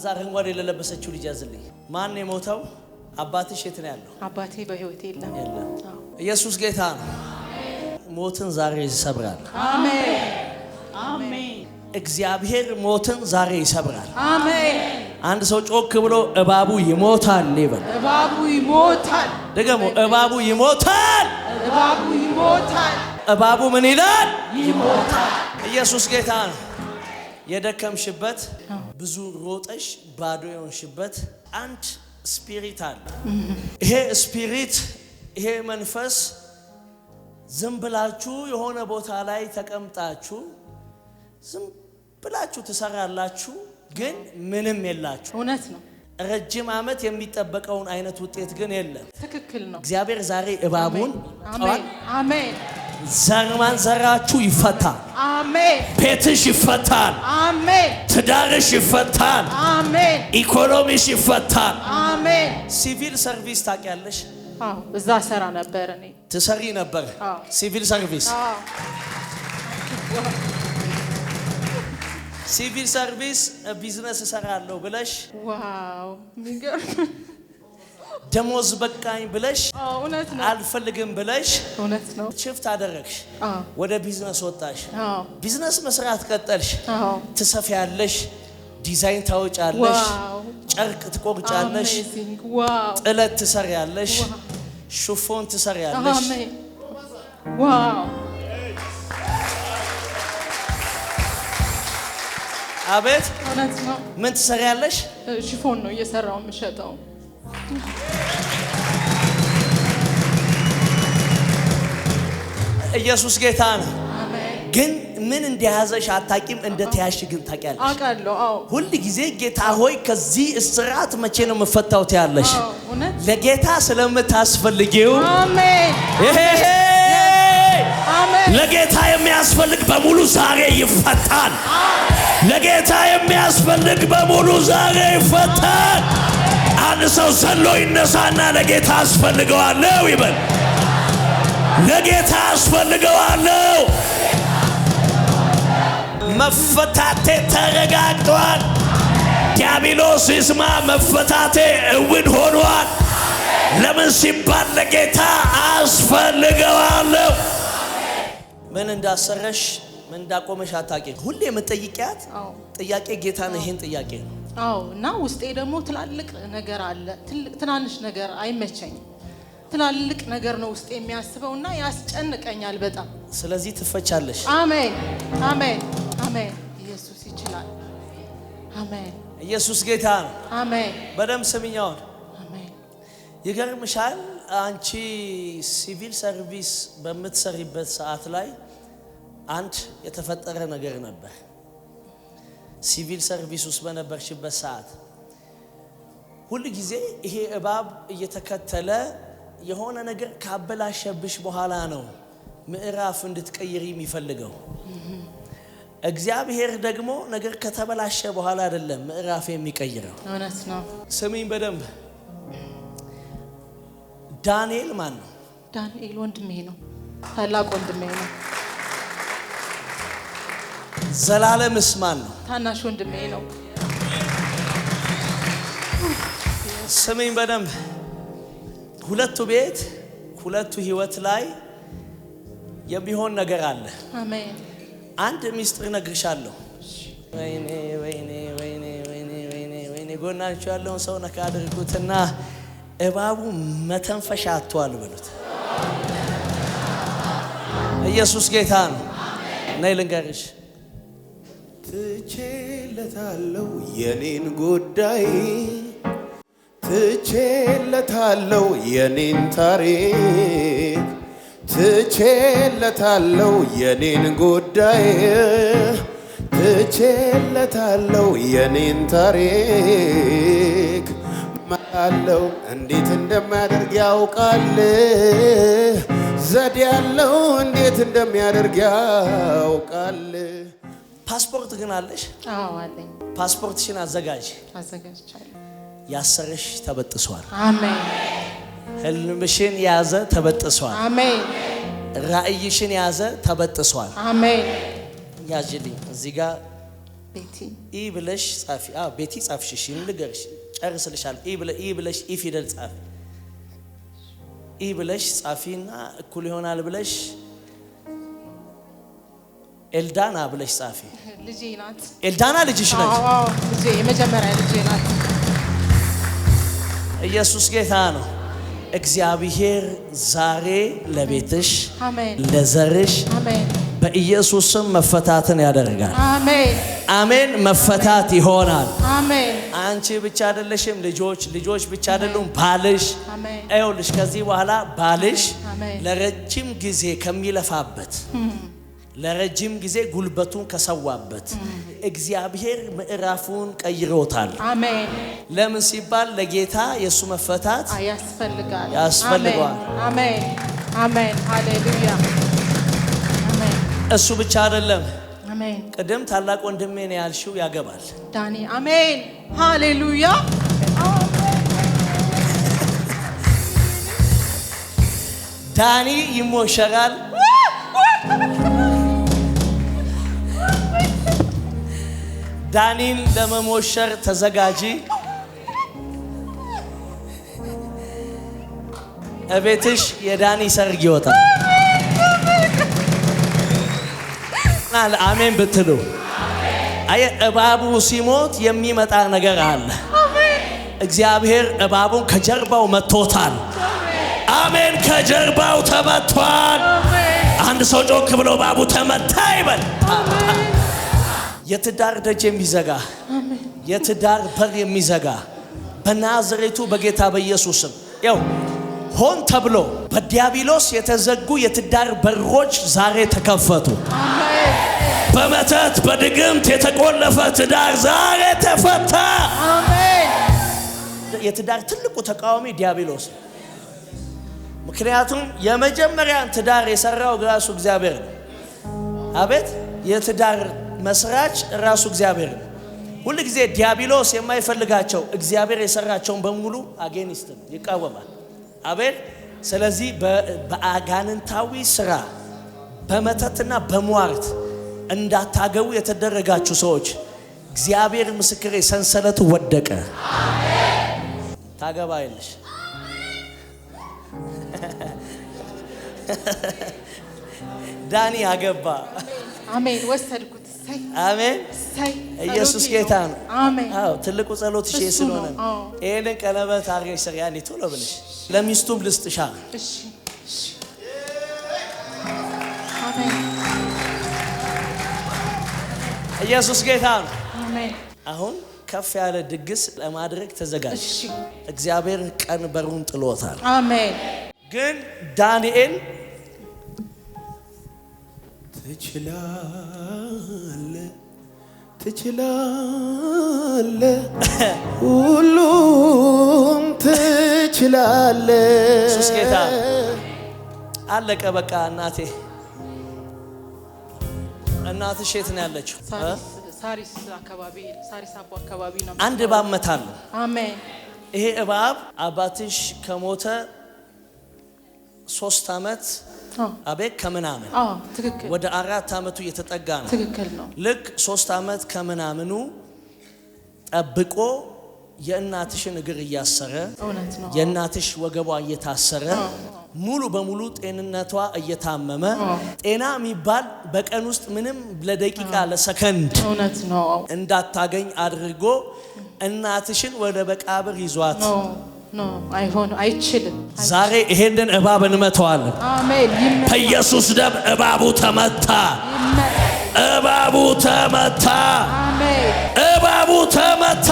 እዛ አረንጓዴ ለለበሰችው ልጅ ያዝልኝ። ማን የሞተው? አባትሽ የት ነው ያለው? አባቴ በህይወት የለም። ኢየሱስ ጌታ ነው። ሞትን ዛሬ ይሰብራል። አሜን። አሜን። እግዚአብሔር ሞትን ዛሬ ይሰብራል። አሜን። አንድ ሰው ጮክ ብሎ እባቡ ይሞታል ይበል። እባቡ ይሞታል። ደግሞ እባቡ ይሞታል። እባቡ ይሞታል። እባቡ ምን ይላል? ይሞታል። ኢየሱስ ጌታ ነው። የደከምሽበት ብዙ ሮጠሽ ባዶ የሆንሽበት አንድ ስፒሪት አለ። ይሄ ስፒሪት ይሄ መንፈስ ዝም ብላችሁ የሆነ ቦታ ላይ ተቀምጣችሁ ዝም ብላችሁ ትሰራላችሁ፣ ግን ምንም የላችሁ። እውነት ነው። ረጅም ዓመት የሚጠበቀውን አይነት ውጤት ግን የለም። ትክክል ነው። እግዚአብሔር ዛሬ እባቡን አሜን ዘርማን ዘራችሁ ይፈታል። ቤትሽ ይፈታል። ትዳርሽ ይፈታል። ኢኮኖሚሽ ይፈታል። ሲቪል ሰርቪስ ታውቂያለሽ? እዛ ሰራ ነበር። እኔ ትሰሪ ነበር ሲቪል ሰርቪስ። ሲቪል ሰርቪስ ቢዝነስ እሰራለሁ ብለሽ ዋው ደሞዝ በቃኝ ብለሽ አልፈልግም ብለሽ ሽፍት አደረግሽ፣ ወደ ቢዝነስ ወጣሽ፣ ቢዝነስ መስራት ቀጠልሽ፣ ትሰፊያለሽ፣ ዲዛይን ታወጫለሽ፣ ጨርቅ ትቆርጫለሽ፣ ጥለት ትሰሪያለሽ፣ ሹፎን ትሰሪያለሽ። አቤት ምን ትሰሪያለሽ? ሽፎን ነው እየሰራው የምሸጠው ኢየሱስ ጌታ ነው። ግን ምን እንደያዘሽ አታቂም፣ እንደ ተያሽ ግን ታቂያለሽ። ሁል ጊዜ ጌታ ሆይ ከዚህ እስራት መቼ ነው የምፈታው ትያለሽ። ለጌታ ስለምታስፈልጊው ለጌታ የሚያስፈልግ በሙሉ ዛሬ ይፈታል። ለጌታ የሚያስፈልግ በሙሉ ዛሬ ይፈታል። አንድ ሰው ዘሎ ይነሳና ለጌታ አስፈልገዋለሁ ይበል። ለጌታ አስፈልገዋለሁ። መፈታቴ ተረጋግጧል። ዲያብሎስ ይስማ፣ መፈታቴ እውን ሆኗል። ለምን ሲባል ለጌታ አስፈልገዋለሁ። ምን እንዳሰረሽ ምን እንዳቆመሽ አታውቂ። ሁሌ የምጠይቂያት ጥያቄ ጌታ ነው። ይሄን ጥያቄ ነው። አዎ። እና ውስጤ ደግሞ ትላልቅ ነገር አለ፣ ትናንሽ ነገር አይመቸኝም ትላልቅ ነገር ነው ውስጥ የሚያስበው እና ያስጨንቀኛል በጣም። ስለዚህ ትፈቻለሽ። አሜን፣ አሜን፣ አሜን። ኢየሱስ ይችላል። አሜን። ኢየሱስ ጌታ ነው። አሜን። በደም ስምኛውን ይገርምሻል። አንቺ ሲቪል ሰርቪስ በምትሰሪበት ሰዓት ላይ አንድ የተፈጠረ ነገር ነበር። ሲቪል ሰርቪስ ውስጥ በነበርሽበት ሰዓት ሁል ጊዜ ይሄ እባብ እየተከተለ የሆነ ነገር ካበላሸብሽ በኋላ ነው ምዕራፍ እንድትቀይር የሚፈልገው። እግዚአብሔር ደግሞ ነገር ከተበላሸ በኋላ አይደለም ምዕራፍ የሚቀይረው። እውነት ነው። ስሚኝ በደንብ ዳንኤል ማን ነው? ዳንኤል ወንድሜ ነው፣ ታላቅ ወንድሜ ነው። ዘላለምስ ማን ነው? ታናሽ ወንድሜ ነው። ስሚኝ በደንብ ሁለቱ ቤት ሁለቱ ህይወት ላይ የሚሆን ነገር አለ። አንድ ሚስጥር ነግርሻለሁ። ወይኔ ወይኔ ወይኔ ወይኔ ወይኔ ወይኔ ጎናችሁ ያለውን ሰው ነካ አድርጉትና እባቡ መተንፈሻ አጥቷል ብሉት። ኢየሱስ ጌታ ነው። ነይ ልንገርሽ ትቼለታለሁ የኔን ጉዳይ ትቼለታለው የኔን ታሪክ ትቼለታለው የኔን ጉዳይ ትቼለታለው የኔን ታሪክ መላለው እንዴት እንደሚያደርግ ያውቃል ዘዴ ያለው እንዴት እንደሚያደርግ ያውቃል። ፓስፖርት ግን አለሽ? አዎ አለኝ። ፓስፖርትሽን አዘጋጅ። አዘጋጅቻለሁ። ያሰርሽ ተበጥሷል። አሜን። ህልምሽን ያዘ ተበጥሷል። አሜን። ራእይሽን ያዘ ተበጥሷል። አሜን። ያጅልኝ እዚህ ጋር ቤቲ ኢ ብለሽ ጻፊ። አዎ ቤቲ ጻፍሽ። እሺ ንገርሽ ጨርስልሻለሁ። ኢ ብለ ኢ ብለሽ ኢ ፊደል ጻፊ። ኢ ብለሽ ጻፊና እኩል ይሆናል ብለሽ ኤልዳና ብለሽ ጻፊ። ልጄ ናት ኤልዳና። ልጅሽ ናት? አዎ ልጄ፣ የመጀመሪያ ልጄ ናት። ኢየሱስ ጌታ ነው። እግዚአብሔር ዛሬ ለቤትሽ ለዘርሽ በኢየሱስም መፈታትን ያደርጋል። አሜን። መፈታት ይሆናል። አንቺ ብቻ አይደለሽም። ልጆች ልጆች ብቻ አይደሉም። ባልሽ ይኸውልሽ፣ ከዚህ በኋላ ባልሽ ለረጅም ጊዜ ከሚለፋበት ለረጅም ጊዜ ጉልበቱን ከሰዋበት እግዚአብሔር ምዕራፉን ቀይሮታል። አሜን። ለምን ሲባል ለጌታ የእሱ መፈታት ያስፈልጋል ያስፈልገዋል። አሜን፣ አሜን፣ ሃሌሉያ። እሱ ብቻ አይደለም። ቅድም ታላቅ ወንድሜ ነው ያልሽው ያገባል። ዳኒ፣ አሜን፣ ሃሌሉያ። ዳኒ ይሞሸራል። ዳኒን ለመሞሸር ተዘጋጂ። እቤትሽ የዳኒ ሰርግ ይወጣል። አሜን ብትሉ አየ እባቡ ሲሞት የሚመጣ ነገር አለ። እግዚአብሔር እባቡን ከጀርባው መቶታል። አሜን ከጀርባው ተመቷል። አንድ ሰው ጮክ ብሎ እባቡ ተመታ ይበል። የትዳር ደጅ የሚዘጋ የትዳር በር የሚዘጋ በናዝሬቱ በጌታ በኢየሱስም ያው ሆን ተብሎ በዲያብሎስ የተዘጉ የትዳር በሮች ዛሬ ተከፈቱ። በመተት በድግምት የተቆለፈ ትዳር ዛሬ ተፈታ። የትዳር ትልቁ ተቃዋሚ ዲያብሎስ ምክንያቱም የመጀመሪያን ትዳር የሰራው ራሱ እግዚአብሔር ነው። አቤት የትዳር መስራች ራሱ እግዚአብሔር ነው። ሁል ጊዜ ዲያብሎስ የማይፈልጋቸው እግዚአብሔር የሰራቸውን በሙሉ አጌኒስት ነው፣ ይቃወማል። አቤል ስለዚህ በአጋንንታዊ ስራ በመተትና በሟርት እንዳታገቡ የተደረጋችሁ ሰዎች እግዚአብሔር ምስክሬ፣ ሰንሰለቱ ወደቀ። ታገባ የለሽ ዳኒ አገባ። አሜን። ወሰድኩ። አሜን። ኢየሱስ ጌታ ነው። አዎ ትልቁ ጸሎትሽ ስለሆነ ይሄንን ቀለበት አድርገሽ ስሪ። ያኔ ቶሎ ብለሽ ለሚስቱም ልስጥሻ ኢየሱስ ጌታ ነው። አሁን ከፍ ያለ ድግስ ለማድረግ ተዘጋጅ። እግዚአብሔር ቀን በሩን ጥሎታል። አሜን። ግን ዳንኤል ትችላለ ትችላለ ሁሉም ትችላለ። ሱስ ጌታ አለቀ በቃ። እናቴ እናትሽ የት ነው ያለችው? ሳሪስ አቦ አካባቢ አንድ እባብ መታለሁ። ይሄ እባብ አባትሽ ከሞተ ሶስት አመት አቤት ከምናምን ወደ አራት ዓመቱ እየተጠጋ ነው። ትክክል ነው። ልክ ሶስት ዓመት ከምናምኑ ጠብቆ የእናትሽን እግር እያሰረ የእናትሽ ወገቧ እየታሰረ ሙሉ በሙሉ ጤንነቷ እየታመመ ጤና የሚባል በቀን ውስጥ ምንም ለደቂቃ ለሰከንድ እንዳታገኝ አድርጎ እናትሽን ወደ መቃብር ይዟት ዛሬ ይሄንን እባብ እንመተዋለን። በኢየሱስ ደም እባቡ ተመታ። እባቡ ተመታ። እባቡ ተመታ።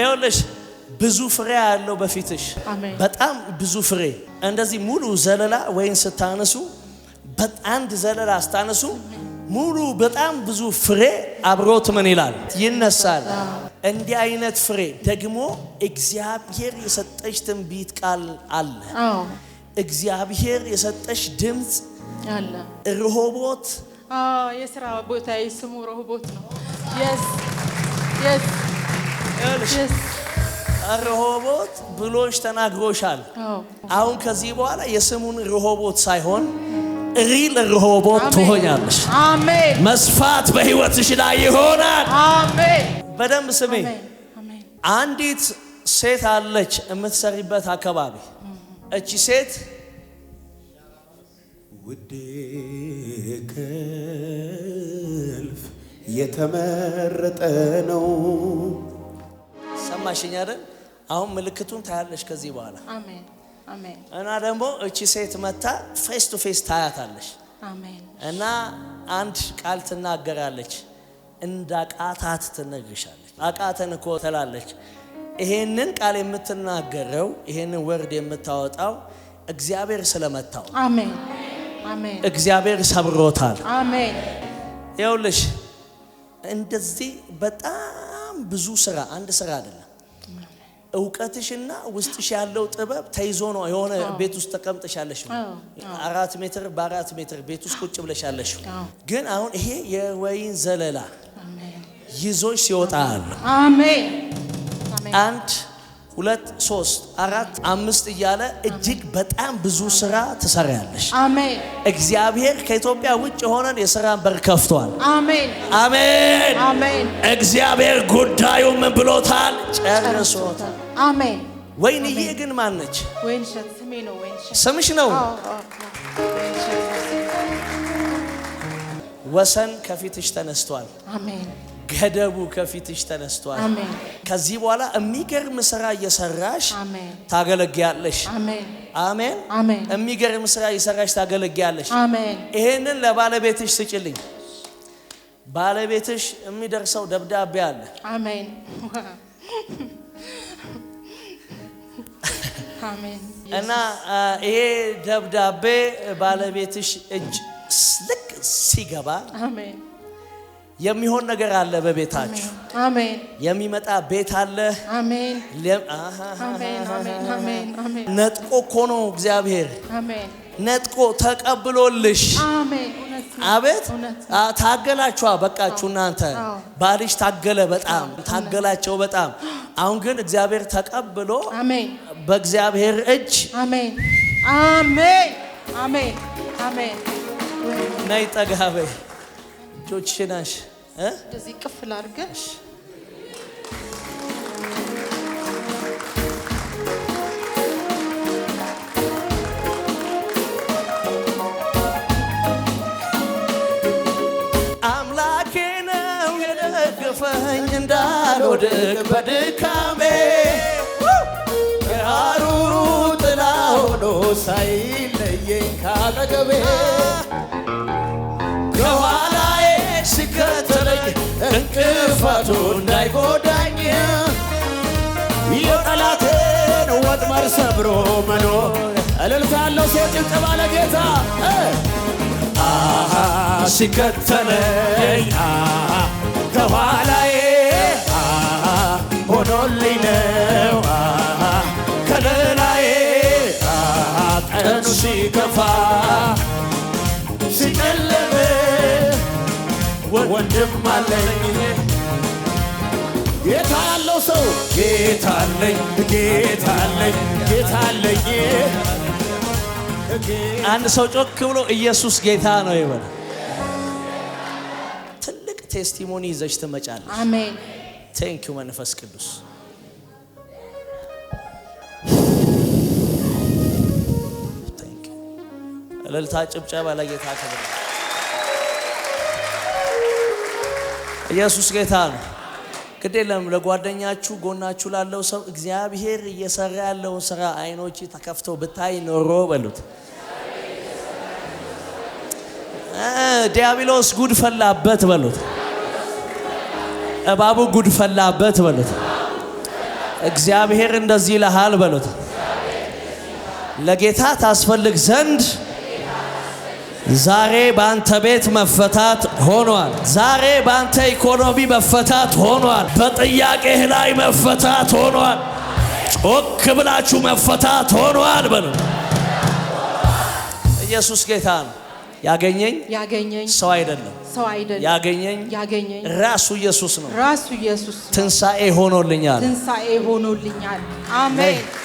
ይኸውልሽ ብዙ ፍሬ ያለው በፊትሽ በጣም ብዙ ፍሬ። እንደዚህ ሙሉ ዘለላ ወይን ስታነሱ አንድ ዘለላ ስታነሱ ሙሉ በጣም ብዙ ፍሬ አብሮት ምን ይላል? ይነሳል። እንዲህ አይነት ፍሬ ደግሞ እግዚአብሔር የሰጠሽ ትንቢት ቃል አለ። እግዚአብሔር የሰጠሽ ድምፅ አለ። ርሆቦት የስራ ቦታ ስሙ ርሆቦት ነው። ርሆቦት ብሎሽ ተናግሮሻል። አሁን ከዚህ በኋላ የስሙን ርሆቦት ሳይሆን ሪል ርሆቦት ትሆኛለሽ። መስፋት በህይወትሽ ላይ ይሆናል። አሜን። በደንብ ስሜ አንዲት ሴት አለች የምትሰሪበት አካባቢ። እቺ ሴት ውዴ ከልፍ የተመረጠ ነው። ሰማሽኝ አይደል? አሁን ምልክቱን ታያለች ከዚህ በኋላ እና ደግሞ እቺ ሴት መታ ፌስ ቱ ፌስ ታያታለሽ እና አንድ ቃል ትናገራለች። እንዳቃታት ትነግርሻለች። አቃተን እኮ ትላለች። ይሄንን ቃል የምትናገረው ይሄንን ወርድ የምታወጣው እግዚአብሔር ስለመታው፣ አሜን አሜን። እግዚአብሔር ሰብሮታል። አሜን። ይኸውልሽ እንደዚህ በጣም ብዙ ስራ አንድ ስራ አይደለም። እውቀትሽና ውስጥሽ ያለው ጥበብ ተይዞ ነው የሆነ ቤት ውስጥ ተቀምጠሻለሽ። አራት ሜትር በአራት ሜትር ቤት ውስጥ ቁጭ ብለሻለሽ። ግን አሁን ይሄ የወይን ዘለላ ይዞሽ ይወጣል። አሜን። አንድ ሁለት ሶስት አራት አምስት እያለ እጅግ በጣም ብዙ ስራ ትሰራያለሽ። አሜን። እግዚአብሔር ከኢትዮጵያ ውጭ የሆነን የስራን በር ከፍቷል። አሜን፣ አሜን፣ አሜን። እግዚአብሔር ጉዳዩ ምን ብሎታል? ጨርሶታል። አሜን። ወይንዬ ግን ማነች? ስምሽ ነው። ወሰን ከፊትሽ ተነስቷል። አሜን። ገደቡ ከፊትሽ ተነስቷል። ከዚህ በኋላ የሚገርም ስራ እየሰራሽ ታገለግያለሽ። አሜን። የሚገርም ስራ እየሰራሽ ታገለግያለሽ። ይሄንን ለባለቤትሽ ስጭልኝ። ባለቤትሽ የሚደርሰው ደብዳቤ አለ። አሜን። እና ይሄ ደብዳቤ ባለቤትሽ እጅ ልክ ሲገባ የሚሆን ነገር አለ። በቤታችሁ አሜን። የሚመጣ ቤት አለ። አሜን። ነጥቆ እኮ ነው እግዚአብሔር አሜን። ነጥቆ ተቀብሎልሽ። አቤት ታገላችኋ። በቃችሁ እናንተ ባልሽ ታገለ፣ በጣም ታገላቸው፣ በጣም አሁን ግን እግዚአብሔር ተቀብሎ በእግዚአብሔር እጅ አሜን፣ አሜን፣ አሜን፣ አሜን። ነይ ጠጋ በይ እጆችሽን አንሺ። እንደዚህ ቅፍል አድርገሽ አምላኬ ነው የደገፈኝ እንዳልወድቅ በድካሜ የሐሩሩ ጥላ ሆኖ ሳይለየኝ ካጠገቤ ክፋቱ እንዳይጎዳኝ የጠላቴን ወጥመድ ሰብሮ መኖር እልልታ ያለው ሰው ጭብጨባ ባለ ጌታ ሲከተለኝ ከኋላዬ ሆኖልኝ ነው ከለላዬ ቀኑ ሲከፋ ሲጨልም ወንድም አለኝ ጌታ ያለው ሰው ጌታ አለኝ ጌታ አለኝ ጌታ አለኝ። አንድ ሰው ጮክ ብሎ ኢየሱስ ጌታ ነው ይበል። ትልቅ ቴስቲሞኒ ይዘሽ ትመጫለሽ። አሜን። ቴንክ ዩ መንፈስ ቅዱስ እልልታ፣ ጭብጨባ ለጌታ ክብር። ኢየሱስ ጌታ ነው። ግድ የለም ለጓደኛችሁ፣ ጎናችሁ ላለው ሰው እግዚአብሔር እየሰራ ያለውን ስራ አይኖች ተከፍተው ብታይ ኖሮ በሉት። ዲያብሎስ ጉድ ፈላበት በሉት። እባቡ ጉድ ፈላበት በሉት። እግዚአብሔር እንደዚህ ይልሃል በሉት። ለጌታ ታስፈልግ ዘንድ ዛሬ ባንተ ቤት መፈታት ሆኗል። ዛሬ ባንተ ኢኮኖሚ መፈታት ሆኗል። በጥያቄህ ላይ መፈታት ሆኗል። ጮክ ብላችሁ መፈታት ሆኗል በሉ። ኢየሱስ ጌታ ነው። ያገኘኝ ያገኘኝ ሰው አይደለም ሰው አይደለም። ያገኘኝ ያገኘኝ ራሱ ኢየሱስ ነው። ራሱ ኢየሱስ ትንሣኤ ሆኖልኛል። ትንሣኤ ሆኖልኛል። አሜን